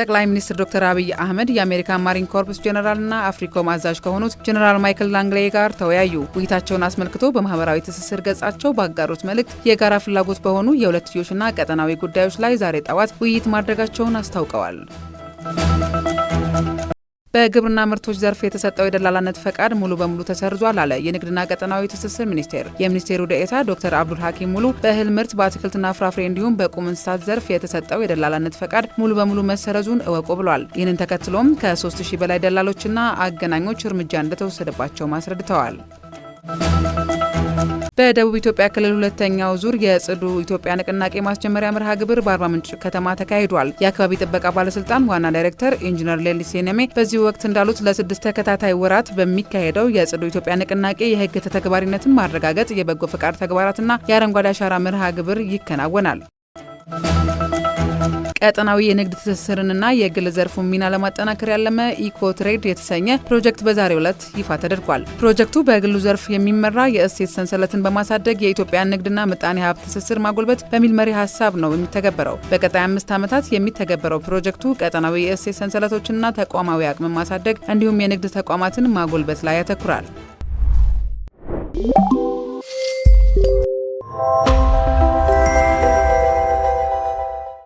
ጠቅላይ ሚኒስትር ዶክተር አብይ አህመድ የአሜሪካን ማሪን ኮርፕስ ጀኔራልና አፍሪኮም አዛዥ ከሆኑት ጀነራል ማይክል ላንግሌ ጋር ተወያዩ። ውይይታቸውን አስመልክቶ በማህበራዊ ትስስር ገጻቸው ባጋሩት መልእክት የጋራ ፍላጎት በሆኑ የሁለትዮሽና ቀጠናዊ ጉዳዮች ላይ ዛሬ ጠዋት ውይይት ማድረጋቸውን አስታውቀዋል። በግብርና ምርቶች ዘርፍ የተሰጠው የደላላነት ፈቃድ ሙሉ በሙሉ ተሰርዟል አለ የንግድና ቀጠናዊ ትስስር ሚኒስቴር። የሚኒስቴሩ ደኤታ ዶክተር አብዱል ሀኪም ሙሉ በእህል ምርት በአትክልትና ፍራፍሬ እንዲሁም በቁም እንስሳት ዘርፍ የተሰጠው የደላላነት ፈቃድ ሙሉ በሙሉ መሰረዙን እወቁ ብሏል። ይህንን ተከትሎም ከ3000 በላይ ደላሎችና አገናኞች እርምጃ እንደተወሰደባቸው አስረድተዋል። በደቡብ ኢትዮጵያ ክልል ሁለተኛው ዙር የጽዱ ኢትዮጵያ ንቅናቄ ማስጀመሪያ መርሃ ግብር በአርባ ምንጭ ከተማ ተካሂዷል። የአካባቢ ጥበቃ ባለስልጣን ዋና ዳይሬክተር ኢንጂነር ሌሊሴ ነሜ በዚህ ወቅት እንዳሉት ለስድስት ተከታታይ ወራት በሚካሄደው የጽዱ ኢትዮጵያ ንቅናቄ የህግ ተተግባሪነትን ማረጋገጥ፣ የበጎ ፈቃድ ተግባራትና የአረንጓዴ አሻራ መርሃ ግብር ይከናወናል። ቀጠናዊ የንግድ ትስስርንና የግል ዘርፉን ሚና ለማጠናከር ያለመ ኢኮትሬድ የተሰኘ ፕሮጀክት በዛሬው ዕለት ይፋ ተደርጓል። ፕሮጀክቱ በግሉ ዘርፍ የሚመራ የእሴት ሰንሰለትን በማሳደግ የኢትዮጵያን ንግድና ምጣኔ ሀብት ትስስር ማጎልበት በሚል መሪ ሀሳብ ነው የሚተገበረው። በቀጣይ አምስት ዓመታት የሚተገበረው ፕሮጀክቱ ቀጠናዊ የእሴት ሰንሰለቶችንና ተቋማዊ አቅምን ማሳደግ እንዲሁም የንግድ ተቋማትን ማጎልበት ላይ ያተኩራል።